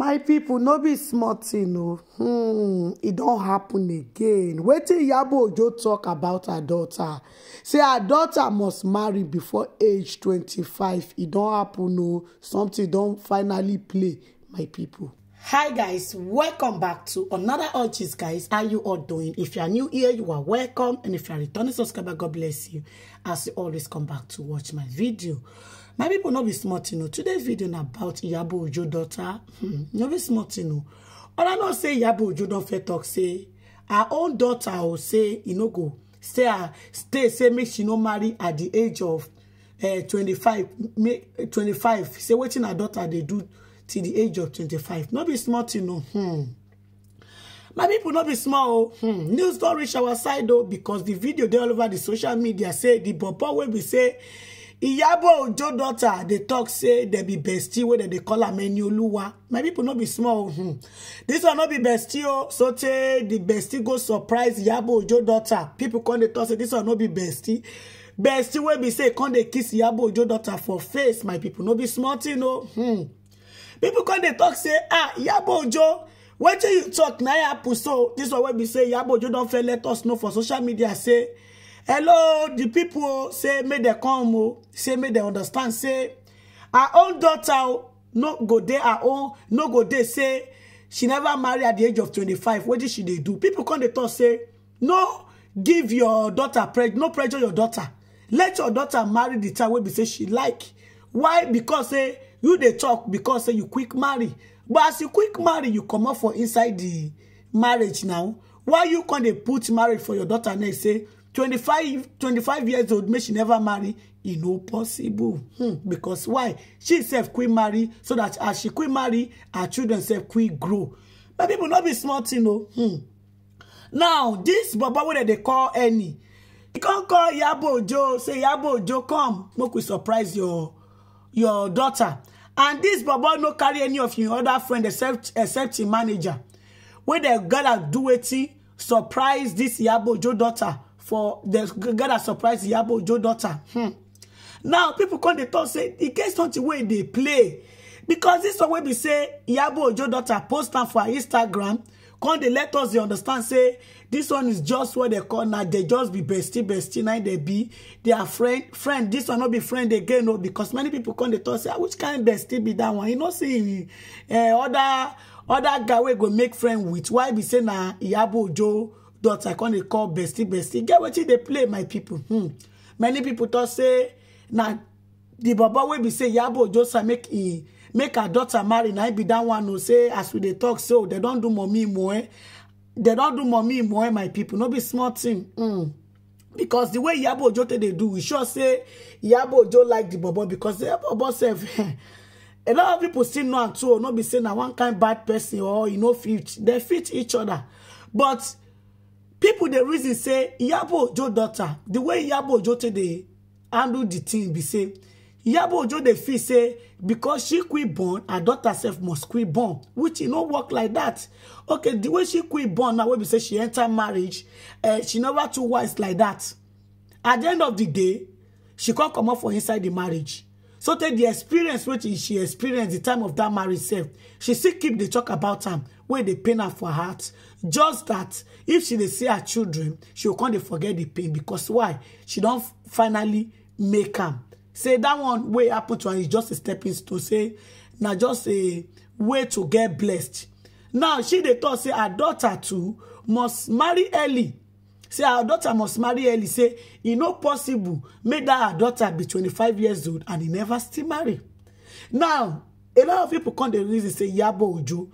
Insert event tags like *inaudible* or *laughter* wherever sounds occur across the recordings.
my people, no be small tin o oh. hmm e don happen again wetin Yabo ojo talk about her daughter say her daughter must marry before age twenty-five. e don happen o oh. something don finally play my people hi guys welcome back to another urges guys how you all doing if you are new here you are welcome and if you are returning subscriber god bless you as you always come back to watch my video my people not be small you know today's video na about Iyabo Ojo daughter hmm, no be small you know all i know say Iyabo Ojo don fair talk say our own daughter will oh, say e no go say her stay say make she no marry at the age of uh, eh, 25 make 25 say wetin her daughter they do till the age of 25 no be small tin o hmm my people, not be small oh. hmm news don't reach our side though, because the video they all over the social media say the bobo wey be say iyabo ojo daughter they talk say they be bestie wey they call her menu oluwa my people, not be small oh. hmm dis one not be bestie o oh. sotey the bestie go surprise iyabo ojo daughter People come they talk say this one not be bestie bestie wey be say come they kiss iyabo ojo daughter for face my people, not be small you know. hmm People come dey talk say ah yabo ojo wetin you talk na happen so dis one wey be say yabo ojo don fail let us know for social media say hello The people say make dem come o oh, say make dem understand say her own daughter oh, no go dey her own no go dey say she never marry at the age of twenty 25 wetin she dey do People come dey talk say no give your daughter no pressure your daughter let your daughter marry the time wey be say she like why because say you dey talk because say you quick marry but as you quick marry you comot for inside the marriage now why you con dey put marriage for your daughter neck say twenty five, twenty five years old make she never marry e no possible hmm because why she sef quick marry so that as she quick marry her children sef quick grow but people no be small thing, o oh. hmm now this baba wey dem dey call eni e con call yabo ojo say yabo ojo come make we surprise your your daughter and this bobo no carry any of your other friend except except the manager wey dem gather do wetin surprise this yabo Joe daughter for dem gather surprise yabo Joe daughter hmm now people come dey talk say e get not the way they play because dis one wey be say yabo Joe daughter post am for instagram come dey let us dey understand say This one is just what they call now. They just be bestie, bestie. Now they be their friend. Friend. This one not be friend again. No, because many people come they talk say, ah, which kind of bestie be that one? You know, see uh, other other guy we go make friend with. Why be say na Yabo Joe daughter come they call bestie, bestie. Get what they play, my people. Hmm. Many people talk say now, the baba wey be say Yabo Joe say make he make her daughter marry. Now be that one who say as we they talk so they don't do mommy more. Eh? They don do mommy more my people no be small thing, Mm. because the way Yabo Jote they do we sure say Yabo ojo like the bobo because the bobo sef *laughs* a lot of people still know and too not be say na one kind bad person or you know fit they fit each other but people the reason say Yabo ojo daughter the way Yabo Jote they handle the thing be say Yabo Ojo dey feel say because she quit born, her daughter self must quit born, which e no work like that. Okay, the way she quit born now, wey be say she enter marriage, uh, she never too wise like that. At the end of the day, she can't come up for inside the marriage. So take the experience which she experienced the time of that marriage self. She still keep the talk about am where the pain of her heart. Just that if she dey see her children, she will come to forget the pain because why? She don't finally make am say that one way happen to am is just a stepping stone say na just a way to get blessed now she dey tok say her daughter too must marry early say her daughter must marry early say e no possible make that her daughter be twenty five years old and e never still marry now a lot of people come dey reason say yabo ojo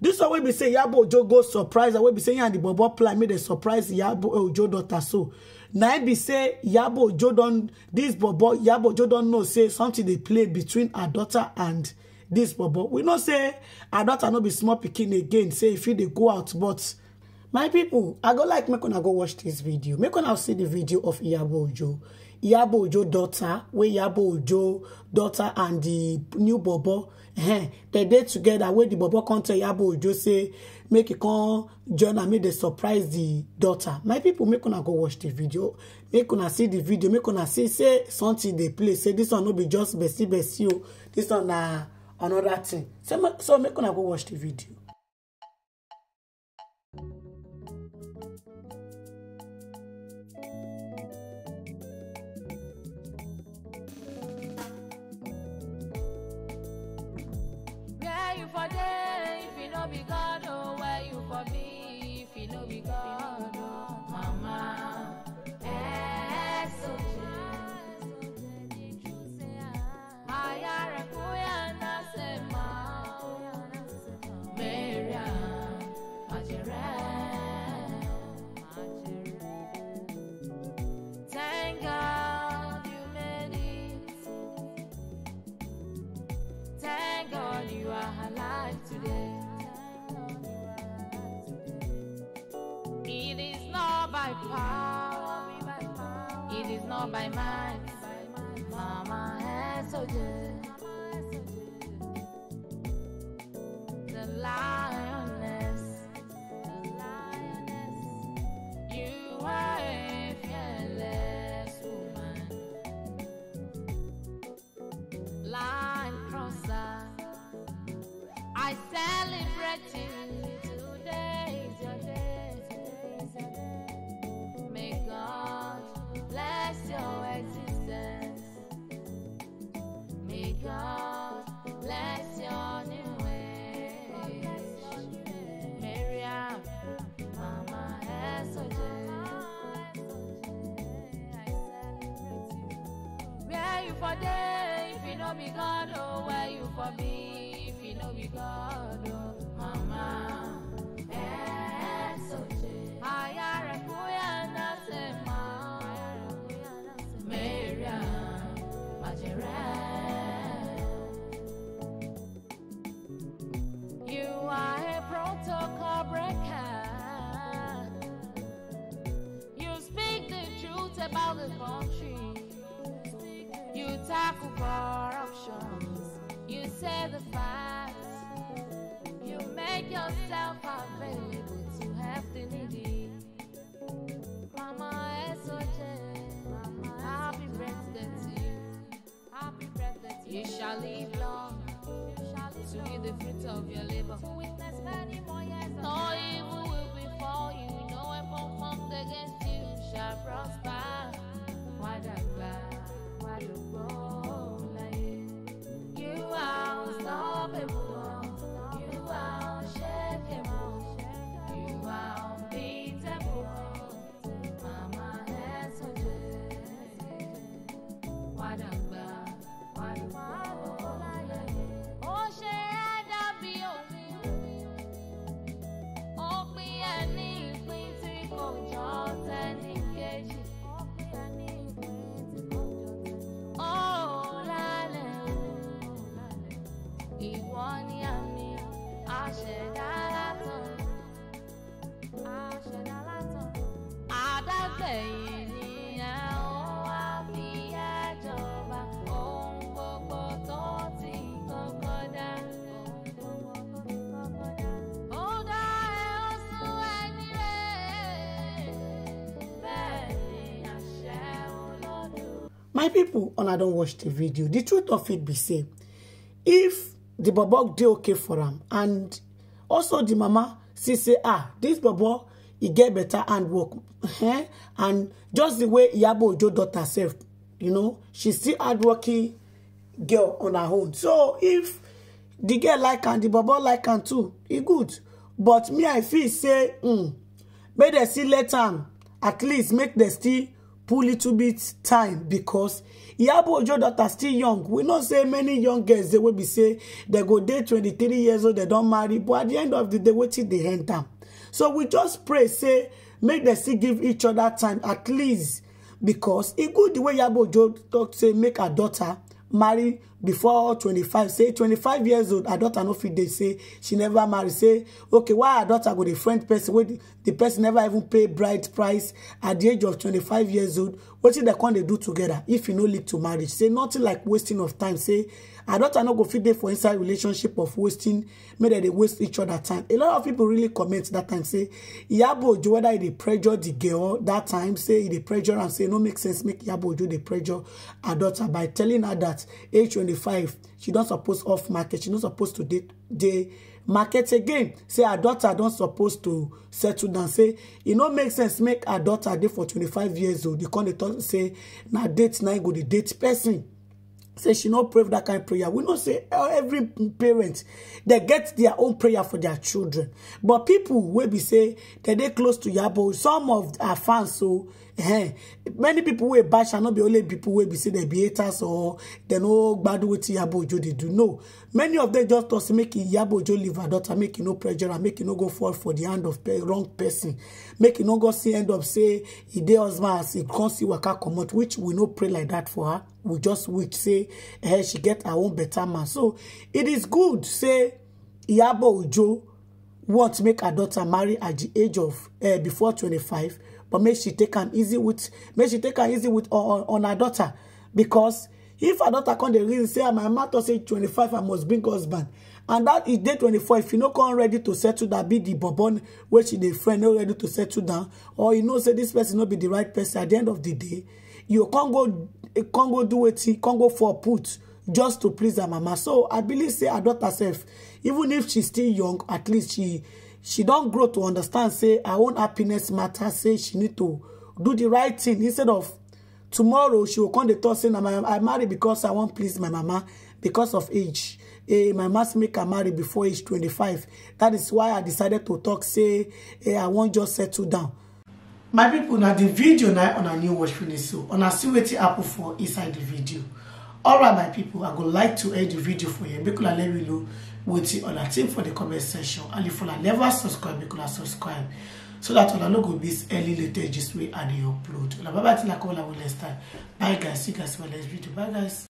This one wey be say yabo ojo go surprise her wey be say him and di bobo plan make dem surprise yabo ojo daughter so na be say yabo jordan this bobo yabo jordan know say something they play between her daughter and this bobo we know say her daughter no be small picking again say if fit dey go out but my people, i go like make una go watch this video make I see the video of Yabo ojo Yabo ojo daughter where Yabo ojo daughter and the new bobo eh dem dey togeda wey di bobo come tell iyabo ojo say make e come join am make dem surprise di daughter my people, make una go watch the video make una see the video make una see say something dey play say this one no be just besti besti o dis one na another thing. so make una go watch the video for there if you no be God. power, it is not by might. Mama has so good. The light. you know be God, oh, mama. Eh, you are a protocol breaker. You speak the truth about the country. You tackle corruption. You set the fire. You make yourself available to help the needy. Mama SOJ, Mama happy birthday to you. Happy birthday to you. You shall live long. To be the fruit of your labor. To witness many more years. No evil will befall you. No weapon formed against you shall prosper. Why the God? Why the God? My people, àṣẹ̀dá I don't watch the video The truth of it be say if the bobo dey okay for am and also the mama see say ah this bobo e get better handwork *laughs* eh? and just the way iyabo ojo daughter self, you know she still hardworking girl on her own so if the girl like am the bobo like am too e good but me i feel say mm, make dem still let am at least make dem still put little bit time because Iyabo Ojo are still young we not say many young girls They will be say they go dey 23 years old They don't marry but at the end of the day wetin dey end am so we just pray say make dem still give each other time at least because it e good the way yabo Ojo talk say make her daughter marry before 25 say 25 years old her daughter no fit dey say she never marry say okay why her daughter go dey friend person wey the person never even pay bride price at the age of 25 years old wetin dem come dey do together if e no lead to marriage say nothing like wasting of time say her daughter no go fit dey for inside relationship of wasting make dem dey waste each other time a lot of people really comment that time say Iyabo Ojo whether e dey pressure the girl that time say e dey pressure am say e no make sense make Iyabo Ojo dey pressure her daughter by telling her that age twenty five she don suppose off market she no suppose to dey dey market again say her daughter don suppose to settle down say e no make sense make her daughter dey for twenty five years old The con dey tok say na date na go dey date person say she no pray that kind prayer we know say uh, every parent dey get their own prayer for their children but people wey be say dem dey close to yabo some of her fans so Hey, many pipo wey bash and not be only people wey be seen dem be haters or dem no bad with yabo ojo dey do no many of them just us say make e yabo ojo leave her daughter make e no pressure and make e no go fall for the hand of wrong person make e no go see end up say e dey husband as e come see waka comot which we no pray like that for her we just wish say hey eh, she get her own better man so it is good say yabo ojo want make her daughter marry at the age of uh, before 25 but make she take am easy with make she take am easy with on on her daughter because if her daughter come the reason say ah, my mama talk say 25 i must bring husband and that is day 24 if you no come ready to settle that be the bobon wey she dey friend no ready to settle down or you know say this person no be the right person at the end of the day you can't go can't go do wetin can't go for a put just to please her mama so i believe say her daughter sef even if she still young at least she she don't grow to understand say her own happiness matter say she need to do the right thing instead of tomorrow she will come the thought saying na i marry because i wan please my mama because of age eh, my must make her marry before age 25 that is why i decided to talk say eh, i won't just settle down my people, now the video now on una new watch finish so una see wetin happen for inside the video alright my people i would like to end the video for you. make una let me know wetin una think for the comment section and if una never subscribe make una subscribe so that una no go miss any latest just wey i dey upload una bye bye till i come una next time bye guys see you guys for my next video bye guys.